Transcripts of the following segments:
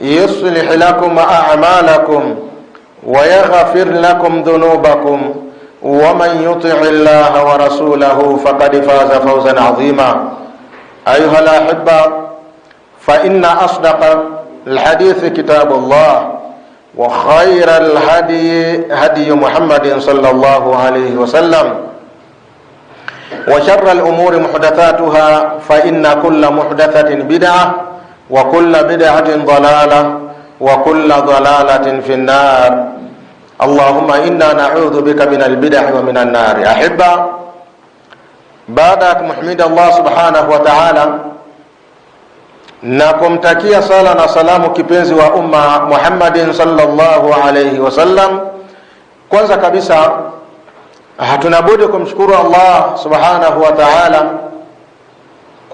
يصلح لكم أعمالكم ويغفر لكم ذنوبكم ومن يطع الله ورسوله فقد فاز فوزا عظيما أيها الأحبة فإن أصدق الحديث كتاب الله وخير الهدي هدي محمد صلى الله عليه وسلم وشر الأمور محدثاتها فإن كل محدثة بدعة وكل بدعة ضلالة وكل ضلالة في النار اللهم إنا نعوذ بك من البدع ومن النار أحبة baada ya kumhimidi Allah subhanahu na kumtakia sala na salamu kipenzi wa umma Muhammadin sallallahu alayhi wasallam, kwanza kabisa hatuna budi kumshukuru Allah subhanahu wa ta'ala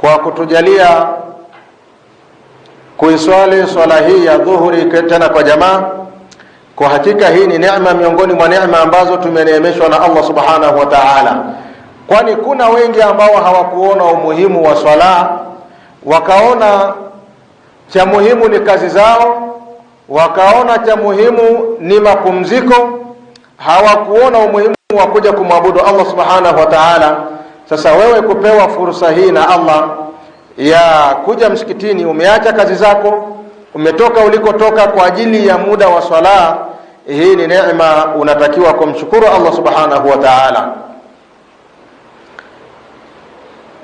kwa kutujalia kuiswali swala hii ya dhuhuri tena kwa jamaa. Kwa hakika hii ni neema miongoni mwa neema ambazo tumeneemeshwa na Allah subhanahu wa ta'ala, kwani kuna wengi ambao hawakuona umuhimu wa swala, wakaona cha muhimu ni kazi zao, wakaona cha muhimu ni mapumziko, hawakuona umuhimu wa kuja kumwabudu Allah subhanahu wa ta'ala. Sasa wewe kupewa fursa hii na Allah ya kuja msikitini, umeacha kazi zako, umetoka ulikotoka kwa ajili ya muda wa swala, hii ni neema, unatakiwa kumshukuru Allah subhanahu wa ta'ala.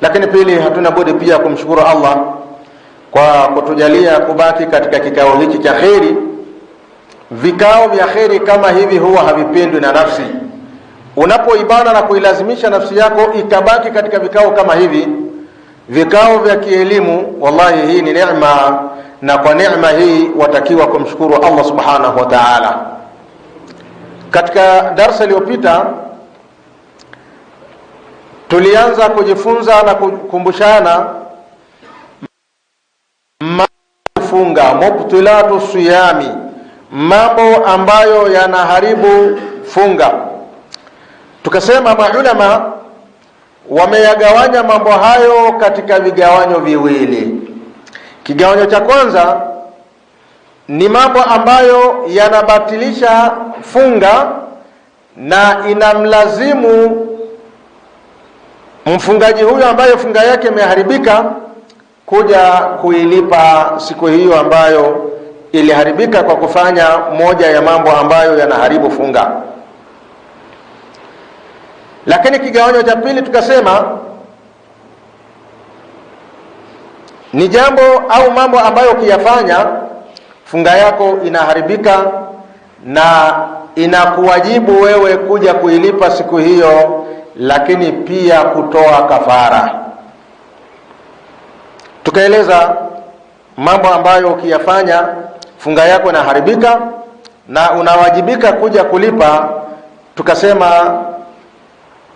Lakini pili, hatuna budi pia kumshukuru Allah kwa kutujalia kubaki katika kikao hiki cha kheri. Vikao vya kheri kama hivi huwa havipendwi na nafsi. Unapoibana na kuilazimisha nafsi yako ikabaki katika vikao kama hivi vikao vya kielimu. Wallahi, hii ni neema, na kwa neema hii watakiwa kumshukuru Allah subhanahu wa ta'ala. Katika darsa iliyopita tulianza kujifunza na kukumbushana funga mubtilatu siyami, mambo ambayo yanaharibu funga. Tukasema maulama wameyagawanya mambo hayo katika vigawanyo viwili. Kigawanyo cha kwanza ni mambo ambayo yanabatilisha funga na inamlazimu mfungaji huyo ambaye funga yake imeharibika kuja kuilipa siku hiyo ambayo iliharibika kwa kufanya moja ya mambo ambayo yanaharibu funga. Lakini kigawanyo cha pili tukasema ni jambo au mambo ambayo ukiyafanya funga yako inaharibika na inakuwajibu wewe kuja kuilipa siku hiyo, lakini pia kutoa kafara. Tukaeleza mambo ambayo ukiyafanya funga yako inaharibika na unawajibika kuja kulipa. Tukasema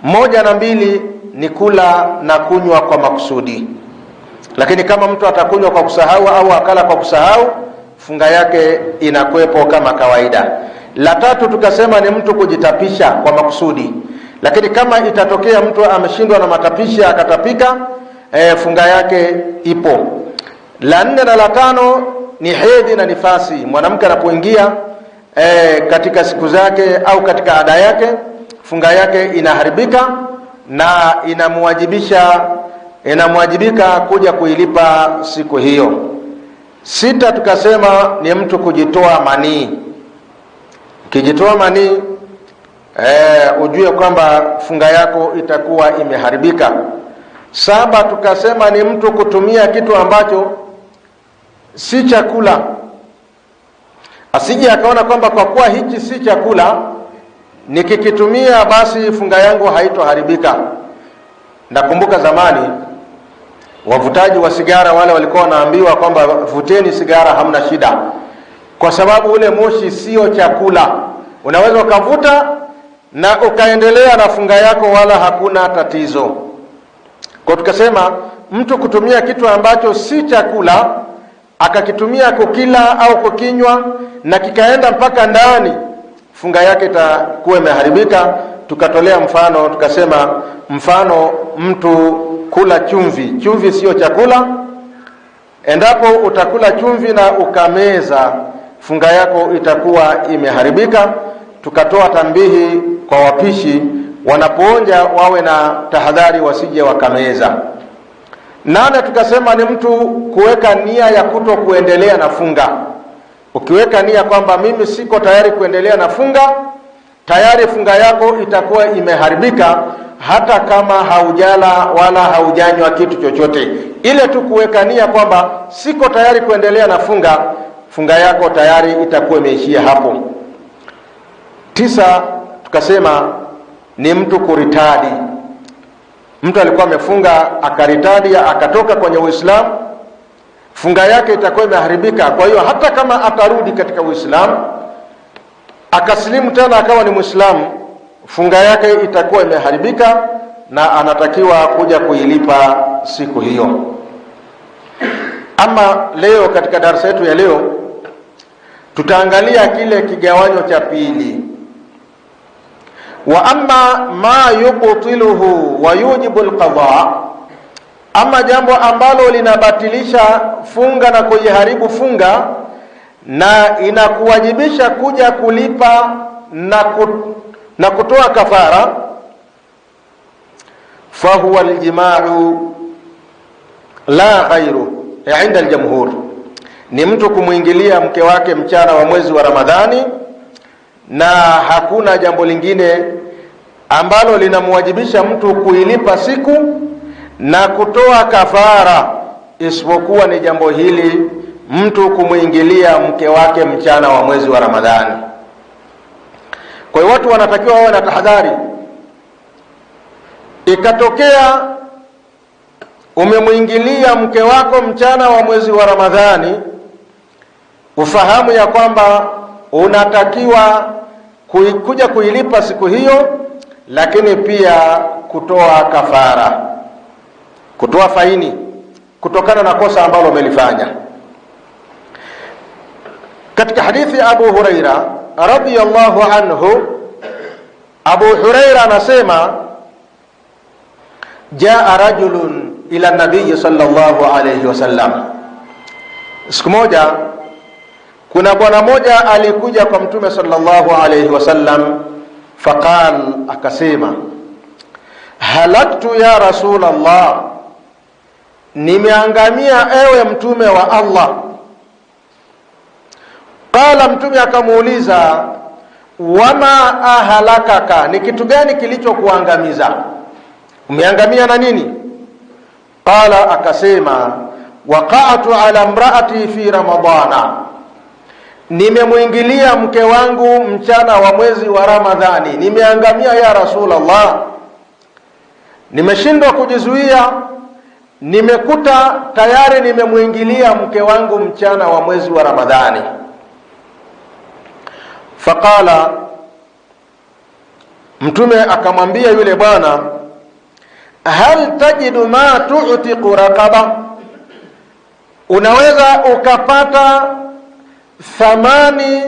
moja na mbili ni kula na kunywa kwa makusudi, lakini kama mtu atakunywa kwa kusahau au akala kwa kusahau, funga yake inakwepo kama kawaida. La tatu tukasema ni mtu kujitapisha kwa makusudi, lakini kama itatokea mtu ameshindwa na matapishi akatapika, e, funga yake ipo. La nne na la tano ni hedhi na nifasi, mwanamke anapoingia e, katika siku zake au katika ada yake funga yake inaharibika na inamwajibisha inamwajibika kuja kuilipa siku hiyo. Sita, tukasema ni mtu kujitoa manii. Ukijitoa manii e, ujue kwamba funga yako itakuwa imeharibika. Saba, tukasema ni mtu kutumia kitu ambacho si chakula, asije akaona kwamba kwa kuwa hichi si chakula nikikitumia basi funga yangu haitoharibika. Nakumbuka zamani wavutaji wa sigara wale walikuwa wanaambiwa kwamba vuteni sigara, hamna shida, kwa sababu ule moshi sio chakula. Unaweza ukavuta na ukaendelea na funga yako, wala hakuna tatizo. Kwa tukasema mtu kutumia kitu ambacho si chakula akakitumia kukila au kukinywa na kikaenda mpaka ndani funga yake itakuwa imeharibika. Tukatolea mfano tukasema, mfano mtu kula chumvi. Chumvi sio chakula. Endapo utakula chumvi na ukameza, funga yako itakuwa imeharibika. Tukatoa tambihi kwa wapishi, wanapoonja wawe na tahadhari, wasije wakameza. Nane, tukasema ni mtu kuweka nia ya kuto kuendelea na funga Ukiweka nia kwamba mimi siko tayari kuendelea na funga, tayari funga yako itakuwa imeharibika, hata kama haujala wala haujanywa kitu chochote. Ile tu kuweka nia kwamba siko tayari kuendelea na funga, funga yako tayari itakuwa imeishia hapo. Tisa, tukasema ni mtu kuritadi. Mtu alikuwa amefunga akaritadi, akatoka kwenye Uislamu funga yake itakuwa imeharibika. Kwa hiyo hata kama atarudi katika Uislamu akasilimu tena akawa ni Mwislamu, funga yake itakuwa imeharibika na anatakiwa kuja kuilipa siku hiyo. Ama leo katika darasa yetu ya leo tutaangalia kile kigawanyo cha pili wa amma ma yubtiluhu wa yujibu alqadha ama jambo ambalo linabatilisha funga na kuiharibu funga na inakuwajibisha kuja kulipa na, na kutoa kafara, fahuwa aljimau la ghairu inda aljamhur, ni mtu kumwingilia mke wake mchana wa mwezi wa Ramadhani, na hakuna jambo lingine ambalo linamwajibisha mtu kuilipa siku na kutoa kafara, isipokuwa ni jambo hili mtu kumwingilia mke wake mchana wa mwezi wa Ramadhani. Kwa hiyo watu wanatakiwa wawe na tahadhari. Ikatokea umemwingilia mke wako mchana wa mwezi wa Ramadhani, ufahamu ya kwamba unatakiwa kuja kuilipa siku hiyo, lakini pia kutoa kafara kutoa faini kutokana na kosa ambalo umelifanya. Katika hadithi ya Abu Huraira radhiyallahu anhu, Abu Huraira anasema jaa rajulun ila nabiyi sallallahu alayhi wasallam, siku moja kuna bwana mmoja alikuja kwa mtume sallallahu alayhi wasallam, faqal, akasema halaktu ya rasul nimeangamia ewe mtume wa Allah. Qala, mtume akamuuliza, wama ahalakaka, ni kitu gani kilichokuangamiza? Umeangamia na nini? Qala, akasema waqa'tu ala mraati fi ramadana, nimemwingilia mke wangu mchana wa mwezi wa Ramadhani. Nimeangamia ya Rasulullah, nimeshindwa kujizuia nimekuta tayari nimemwingilia mke wangu mchana wa mwezi wa Ramadhani. Faqala, Mtume akamwambia yule bwana, hal tajidu ma tu'tiqu raqaba, unaweza ukapata thamani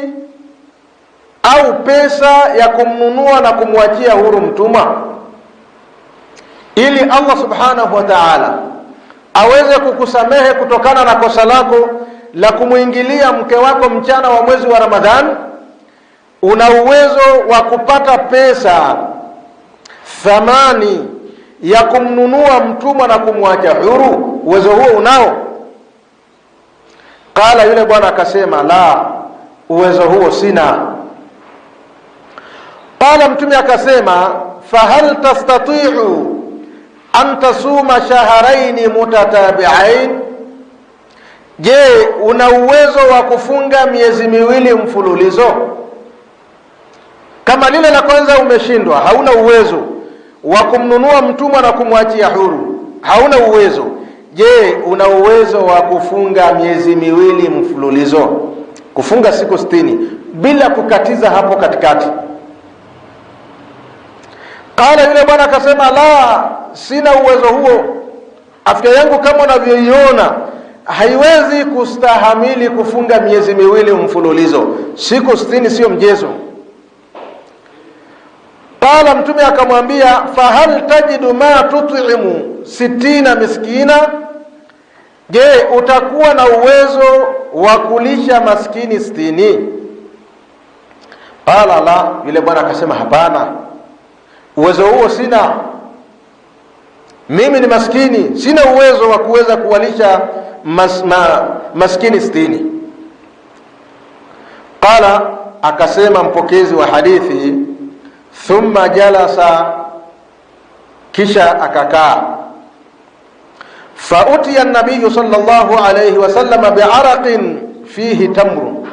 au pesa ya kumnunua na kumwachia huru mtumwa, ili Allah subhanahu wa ta'ala aweze kukusamehe kutokana na kosa lako la kumwingilia mke wako mchana wa mwezi wa Ramadhani. Una uwezo wa kupata pesa thamani ya kumnunua mtumwa na kumwacha huru. Uwezo huo unao? Qala, yule bwana akasema, la, uwezo huo sina. Kala mtume akasema, fahal tastatiu an tasuma shahraini mutatabi'ain, je, una uwezo wa kufunga miezi miwili mfululizo? Kama lile la kwanza umeshindwa, hauna uwezo wa kumnunua mtumwa na kumwachia huru, hauna uwezo. Je, una uwezo wa kufunga miezi miwili mfululizo, kufunga siku 60 bila kukatiza hapo katikati? Qala, yule bwana akasema la sina uwezo huo. Afya yangu kama unavyoiona haiwezi kustahamili kufunga miezi miwili mfululizo, siku sitini sio mjezo pala Mtume akamwambia fahal tajidu ma tut'imu sitina miskina, je, utakuwa na uwezo wa kulisha maskini sitini? pala la, yule bwana akasema hapana, uwezo huo sina mimi ni maskini, sina uwezo wa kuweza kuwalisha mas, ma, maskini sitini. Qala, akasema mpokezi wa hadithi, thumma jalasa, kisha akakaa. Fautiya nabiyu sallallahu alayhi wasallam biaraqin fihi tamru,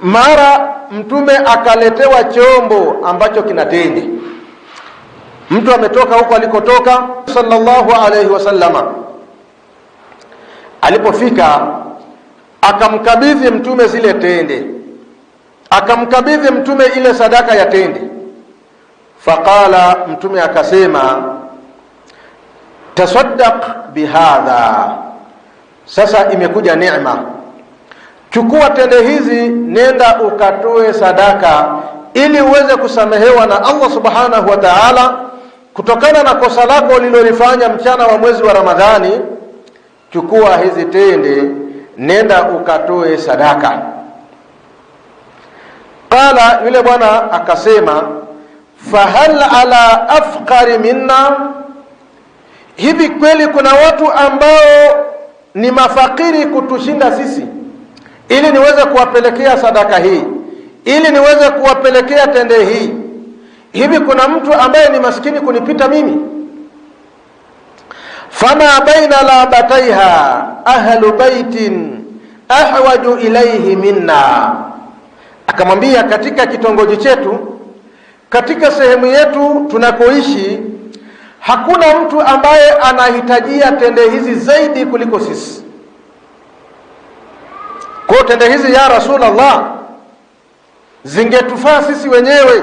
mara mtume akaletewa chombo ambacho kina tende mtu ametoka huko alikotoka. Sallallahu alayhi wasallama alipofika, akamkabidhi mtume zile tende, akamkabidhi mtume ile sadaka ya tende. Faqala, mtume akasema, tasaddaq bihadha. Sasa imekuja neema, chukua tende hizi, nenda ukatoe sadaka ili uweze kusamehewa na Allah subhanahu wa ta'ala kutokana na kosa lako ulilolifanya mchana wa mwezi wa Ramadhani, chukua hizi tende, nenda ukatoe sadaka. Qala, yule bwana akasema, fahal ala afqari minna, hivi kweli kuna watu ambao ni mafakiri kutushinda sisi, ili niweze kuwapelekea sadaka hii, ili niweze kuwapelekea tende hii hivi kuna mtu ambaye ni maskini kunipita mimi? fama baina labataiha ahlu baitin ahwaju ilaihi minna, akamwambia katika kitongoji chetu, katika sehemu yetu tunakoishi, hakuna mtu ambaye anahitajia tende hizi zaidi kuliko sisi. Kwa tende hizi ya Rasulullah, zingetufaa sisi wenyewe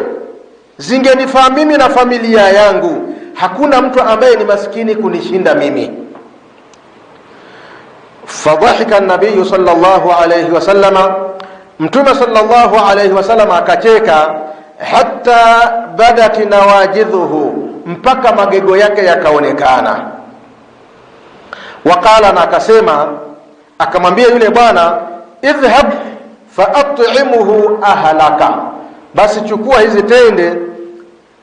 zingenifaa mimi na familia yangu. Hakuna mtu ambaye ni maskini kunishinda mimi. Fadhahika nabiyu sallallahu alayhi wasallama, Mtume sallallahu alayhi wasallama akacheka, hata badat nawajidhuhu, mpaka magego yake yakaonekana. Waqala, na akasema akamwambia yule bwana, idhhab faatimuhu ahlaka, basi chukua hizi tende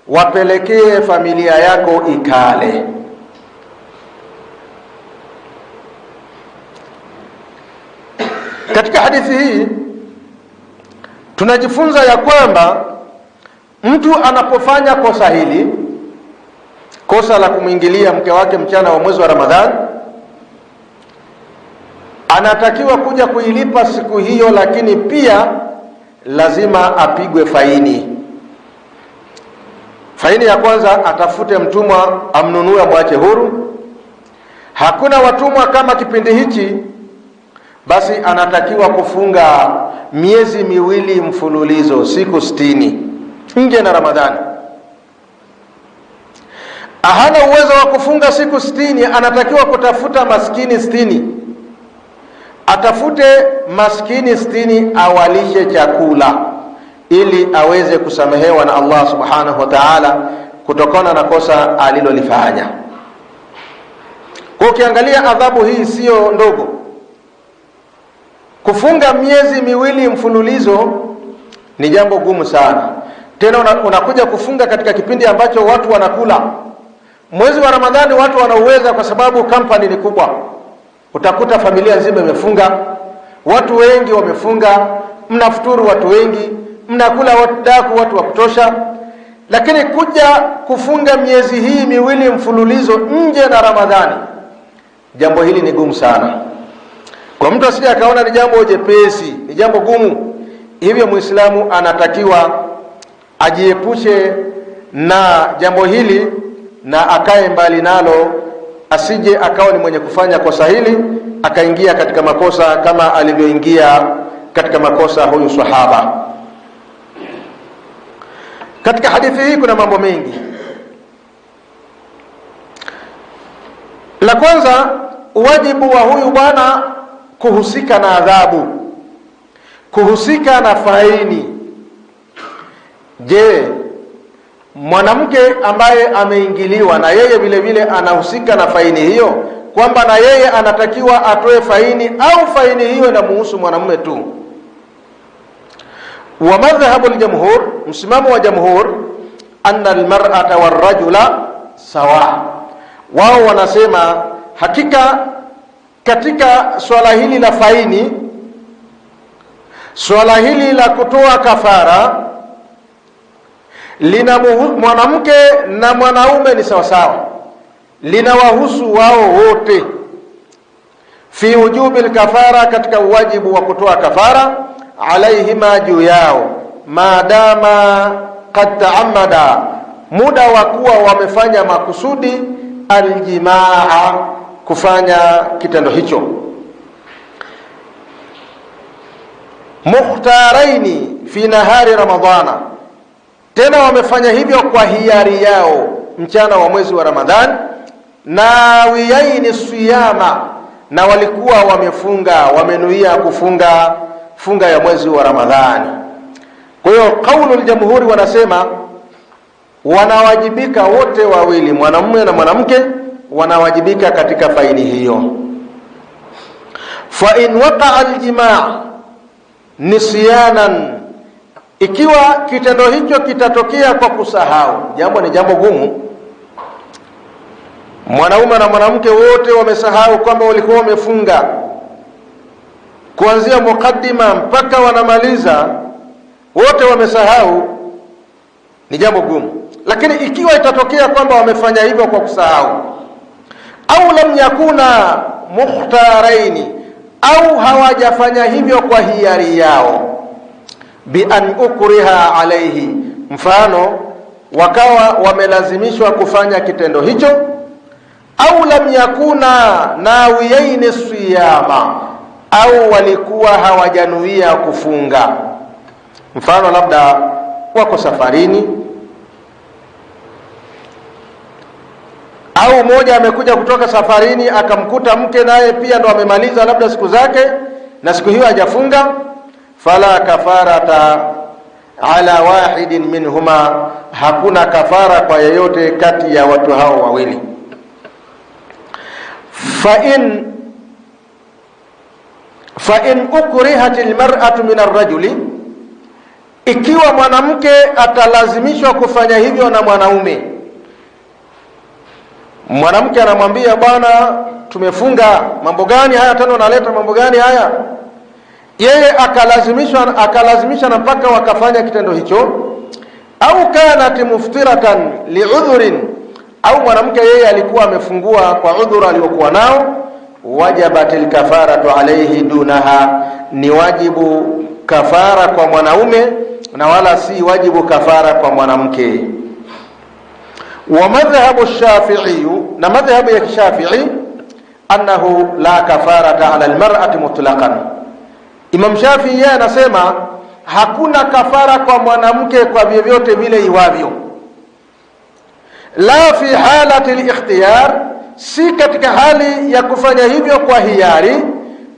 wapelekee familia yako ikale. Katika hadithi hii tunajifunza ya kwamba mtu anapofanya kosa hili, kosa la kumwingilia mke wake mchana wa mwezi wa Ramadhani, anatakiwa kuja kuilipa siku hiyo, lakini pia lazima apigwe faini. Faini ya kwanza, atafute mtumwa amnunue amwache huru. Hakuna watumwa kama kipindi hichi, basi anatakiwa kufunga miezi miwili mfululizo, siku sitini nje na Ramadhani. Hana uwezo wa kufunga siku sitini, anatakiwa kutafuta maskini sitini. Atafute maskini sitini, awalishe chakula ili aweze kusamehewa na Allah subhanahu wa ta'ala kutokana na kosa alilolifanya. Kwa ukiangalia adhabu hii siyo ndogo, kufunga miezi miwili mfululizo ni jambo gumu sana. Tena unakuja kufunga katika kipindi ambacho watu wanakula. Mwezi wa Ramadhani watu wanauweza kwa sababu kampani ni kubwa, utakuta familia nzima imefunga, watu wengi wamefunga, mnafuturu watu wengi mnakula daku watu wa kutosha, lakini kuja kufunga miezi hii miwili mfululizo nje na Ramadhani, jambo hili ni gumu sana kwa mtu asije akaona ni jambo jepesi, ni jambo gumu. Hivyo Muislamu anatakiwa ajiepushe na jambo hili na akae mbali nalo, asije akawa ni mwenye kufanya kosa hili akaingia katika makosa kama alivyoingia katika makosa huyu sahaba. Katika hadithi hii kuna mambo mengi. La kwanza, wajibu wa huyu bwana kuhusika na adhabu, kuhusika na faini. Je, mwanamke ambaye ameingiliwa na yeye vile vile anahusika na faini hiyo, kwamba na yeye anatakiwa atoe faini au faini hiyo inamuhusu mwanamume tu? wa madhhabu aljumhur msimamo wa jamhur, anna almar'ata warajula sawa. Wao wanasema hakika katika swala hili la faini, swala hili la kutoa kafara lina mwanamke na mwanaume ni sawasawa, linawahusu wao wote, fi wujubi alkafara, katika uwajibu wa kutoa kafara alaihima, juu yao, maadama kad taamada, muda wa kuwa wamefanya makusudi, aljimaa, kufanya kitendo hicho, mukhtaraini fi nahari Ramadhana, tena wamefanya hivyo kwa hiari yao, mchana wa mwezi wa ramadhan nawiyaini siyama, na walikuwa wamefunga, wamenuia kufunga funga ya mwezi wa Ramadhani. Kwa hiyo kaulu jamhuri wanasema wanawajibika wote wawili, mwanamume na mwanamke wanawajibika katika faini hiyo. Fa in waqaa aljimaa nisyanan, ikiwa kitendo hicho kitatokea kwa kusahau. Jambo ni jambo gumu, mwanaume na mwanamke wote wamesahau kwamba walikuwa wamefunga kuanzia mukaddima mpaka wanamaliza wote wamesahau, ni jambo gumu. Lakini ikiwa itatokea kwamba wamefanya hivyo kwa kusahau, au lam yakuna mukhtaraini, au hawajafanya hivyo kwa hiari yao, bi an ukriha alaihi, mfano wakawa wamelazimishwa kufanya kitendo hicho, au lam yakuna nawiyaini siyama au walikuwa hawajanuia kufunga. Mfano, labda wako safarini, au mmoja amekuja kutoka safarini akamkuta mke naye pia ndo amemaliza labda siku zake na siku hiyo hajafunga, fala kafarata ala wahidin minhuma, hakuna kafara kwa yeyote kati ya watu hao wawili. fa in fa in ukrihat almar'atu min arrajuli, ikiwa mwanamke atalazimishwa kufanya hivyo na mwanaume. Mwanamke anamwambia bwana, tumefunga mambo gani haya tena, unaleta mambo gani haya? Yeye akalazimishwa akalazimisha na mpaka wakafanya kitendo hicho, au kanat muftiratan liudhurin, au mwanamke yeye alikuwa amefungua kwa udhuru aliyokuwa nao wajabat lkafaratu alaihi dunaha, ni wajibu kafara kwa mwanaume na wala si wajibu kafara kwa mwanamke. Wa madhhabu shafiiyu, na madhhabu ya Kishafii, annahu la kafarata ala lmarati mutlaqan. Imam Shafii yeye anasema hakuna kafara kwa mwanamke kwa vyovyote vile iwavyo, la fi halati likhtiyar si katika hali ya kufanya hivyo kwa hiari,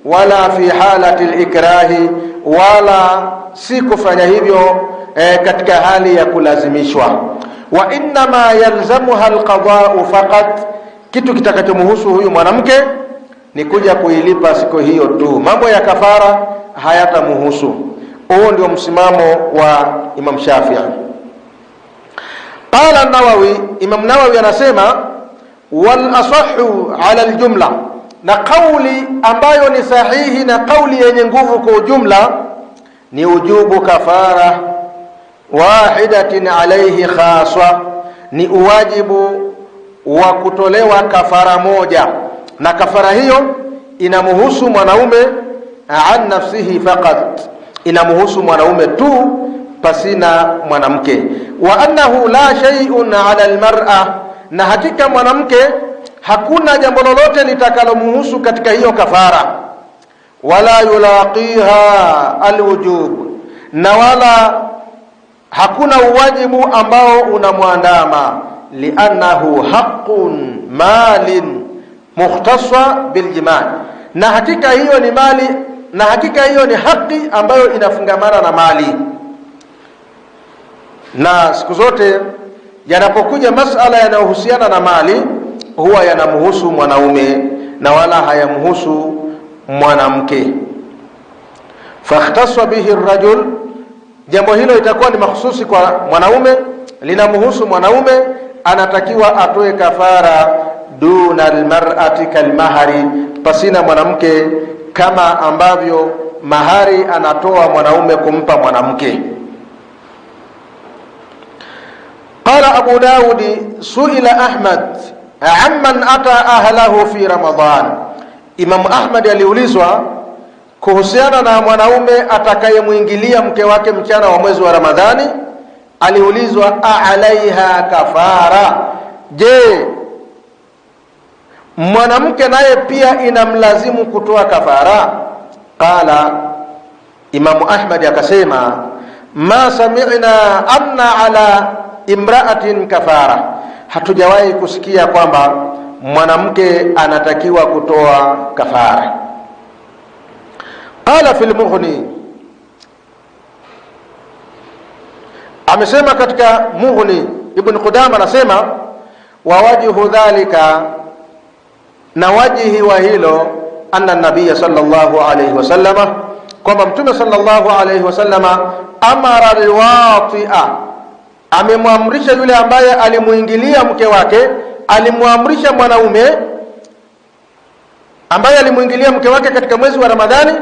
wala fi halati likrahi, wala si kufanya hivyo eh, katika hali ya kulazimishwa. Wa innama yalzamuha alqadau faqat, kitu kitakachomhusu huyu mwanamke ni kuja kuilipa siku hiyo tu, mambo ya kafara hayatamuhusu. Huo ndio msimamo wa Imam Shafii. Qala Nawawi, Imam Nawawi anasema wal ala aljumla, na kauli ambayo ni sahihi na kauli yenye nguvu kwa ujumla ni ujubu kafara wahidatin alayhi khaswa, ni uwajibu wa kutolewa kafara moja, na kafara hiyo inamuhusu mwanaume an nafsihi faqat, inamuhusu mwanaume tu pasina mwanamke. Wa annahu la shay'un ala almar'a na hakika mwanamke hakuna jambo lolote litakalomuhusu katika hiyo kafara, wala yulaqiha alwujub, na wala hakuna uwajibu ambao unamwandama, liannahu haqqun malin mukhtasa biljimaa na hakika hiyo ni mali, na hakika hiyo ni haki ambayo inafungamana na mali, na siku zote Yanapokuja masala yanayohusiana na mali huwa yanamhusu mwanaume na wala hayamhusu mwanamke. Fakhtaswa bihi rajul, jambo hilo itakuwa ni mahususi kwa mwanaume, linamhusu mwanaume, anatakiwa atoe kafara duna almar'ati kalmahari, pasina mwanamke, kama ambavyo mahari anatoa mwanaume kumpa mwanamke. Qala Abu Daudi, suila Ahmad amman ata ahlahu fi Ramadhan. Imamu Ahmad aliulizwa kuhusiana na mwanaume atakayemwingilia mke wake mchana wa mwezi wa Ramadhani. Aliulizwa alaiha kafara, je, mwanamke naye pia inamlazimu kutoa kafara? Qala Imamu ahmadi akasema ma sami'na anna ala imraatin kafara, hatujawahi kusikia kwamba mwanamke anatakiwa kutoa kafara. Qala fil Mughni, amesema katika Mughni. Ibn Qudama anasema wa wajhu dhalika, na wajihi wa hilo anna nabiy sallallahu alayhi wasallama, kwamba mtume sallallahu alayhi wasallama amara alwatia amemwamrisha yule ambaye alimuingilia mke wake, alimwamrisha mwanaume ambaye alimuingilia mke wake katika mwezi wa Ramadhani,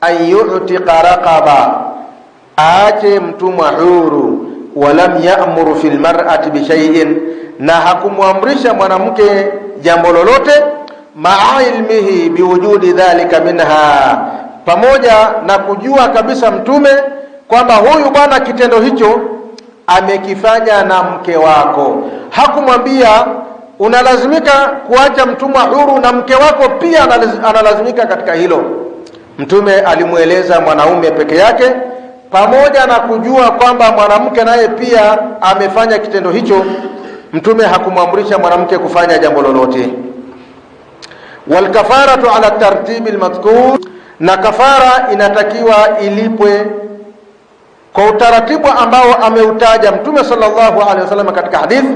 ayutika raqaba, aache mtumwa huru. Walam yamuru fi lmarati shay'in, na hakumwamrisha mwanamke jambo lolote, maa ilmihi biwujudi dhalika minha, pamoja na kujua kabisa Mtume kwamba huyu bwana kitendo hicho amekifanya na mke wako. Hakumwambia unalazimika kuacha mtumwa huru, na mke wako pia analazimika katika hilo. Mtume alimweleza mwanaume peke yake, pamoja na kujua kwamba mwanamke naye pia amefanya kitendo hicho. Mtume hakumwamrisha mwanamke kufanya jambo lolote. Walkafaratu ala tartibi lmadhkur, na kafara inatakiwa ilipwe kwa utaratibu ambao ameutaja Mtume sallallahu alaihi wasallam katika hadithi,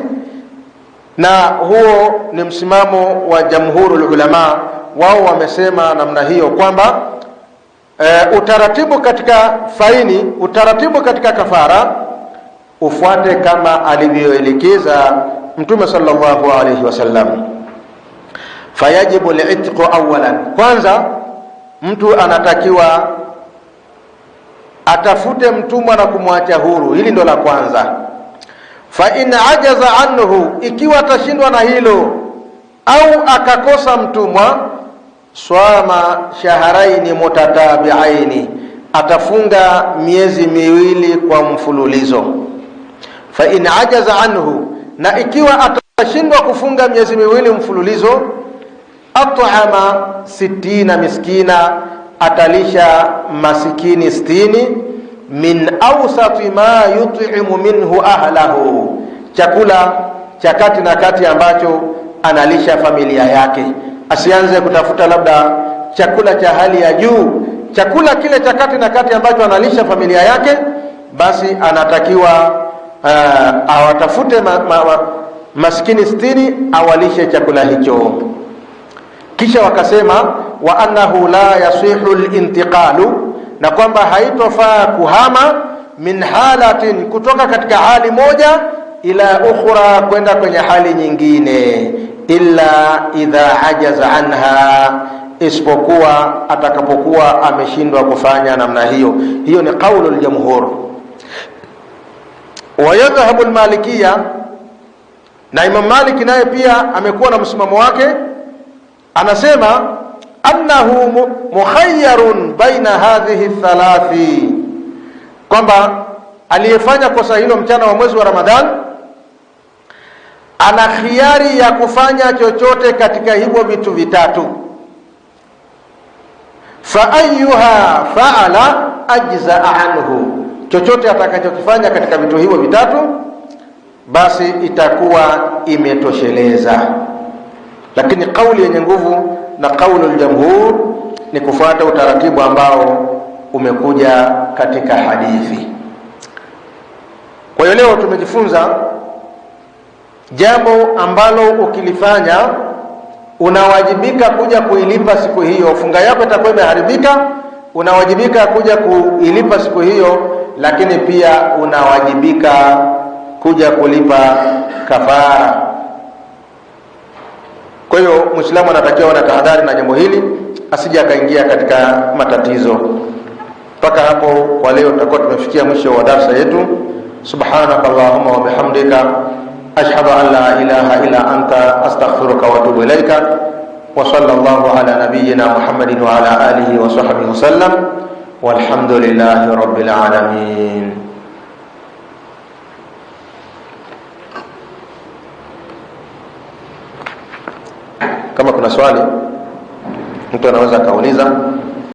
na huo ni msimamo wa jamhurul ulama. Wao wamesema namna hiyo kwamba e, utaratibu katika faini, utaratibu katika kafara ufuate kama alivyoelekeza Mtume sallallahu alaihi wasallam. Fayajibu litqu awwalan kwanza mtu anatakiwa atafute mtumwa na kumwacha huru. Hili ndo la kwanza. Fa in ajaza anhu, ikiwa atashindwa na hilo au akakosa mtumwa, swama shaharaini mutatabiaini, atafunga miezi miwili kwa mfululizo. Fa in ajaza anhu, na ikiwa atashindwa kufunga miezi miwili mfululizo, at'ama sitina miskina atalisha masikini sitini min ausati ma yutimu minhu ahlahu, chakula cha kati na kati ambacho analisha familia yake. Asianze kutafuta labda chakula cha hali ya juu, chakula kile cha kati na kati ambacho analisha familia yake, basi anatakiwa uh, awatafute ma, ma, ma, masikini sitini awalishe chakula hicho. Kisha wakasema wa annahu la yasihu lintiqalu, na kwamba haitofaa kuhama min halatin, kutoka katika hali moja ila ukhra, kwenda kwenye hali nyingine, illa idha ajaza anha, isipokuwa atakapokuwa ameshindwa kufanya namna hiyo. Hiyo ni qaulu ljamhur. Wayadhhabu lmalikiya, na Imam Malik naye pia amekuwa na msimamo wake, anasema annahu mukhayyarun baina hadhihi thalathi, kwamba aliyefanya kosa hilo mchana wa mwezi wa ramadhan ana khiari ya kufanya chochote katika hivyo vitu vitatu. Fa ayyuha faala ajza anhu, chochote atakachokifanya katika vitu hivyo vitatu basi itakuwa imetosheleza. Lakini kauli yenye nguvu na kaulu ljamhur ni kufuata utaratibu ambao umekuja katika hadithi. Kwa hiyo leo tumejifunza jambo ambalo ukilifanya unawajibika kuja kuilipa siku hiyo. Funga yako itakuwa imeharibika, unawajibika kuja kuilipa siku hiyo, lakini pia unawajibika kuja kulipa kafara. Kwa hiyo Muislamu anatakiwa na tahadhari na jambo hili, asije akaingia katika matatizo. Mpaka hapo kwa leo tutakuwa tumefikia mwisho wa darsa yetu. Subhanaka Allahumma wa bihamdika ashhadu an la ilaha illa anta astaghfiruka wa atubu ilaika wa sallallahu ala nabiyyina Muhammadin wa ala alihi wa sahbihi wasallam walhamdulillahi rabbil alamin. Kama kuna swali mtu anaweza akauliza.